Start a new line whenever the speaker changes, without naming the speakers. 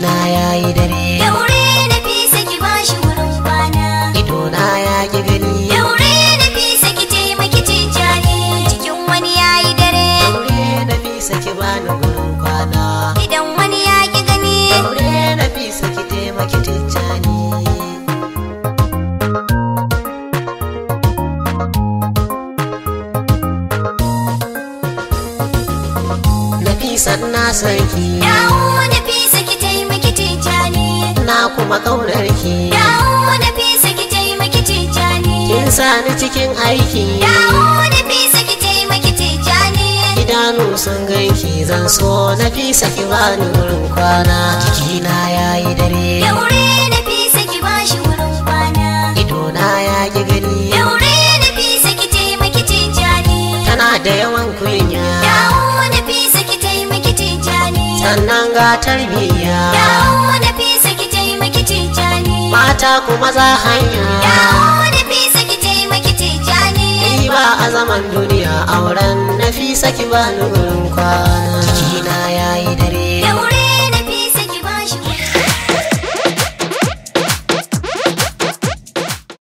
na yayi dare yaure
na fi saki bashi wurin kwana ido na ya ki gani yaure na fi saki taimaki tijani cikin wani yayi dare yaure na fi saki bani wurin kwana idan wani ya ki gani yaure na fi saki taimaki tijani
Nafisan na sarki. Yawo ne ƙaunarki yawo da fisa ki taimaki tijani kin sani cikin aiki yawo da fisa ki taimaki tijani idanu sun ganki zan so na fisa ki bani wurin kwana na yayi dare yaure na fisa
ki bashi wurin
kwana idona ya ki gani yaure na fisa ki taimaki tijani tana da yawan kunya yawo da fisa ki taimaki tijani sannan ga tarbiyya yawo ta kuma za hanya yawo da fi saki taimaki tijani ba a zaman duniya auren na fi saki ba ni kwa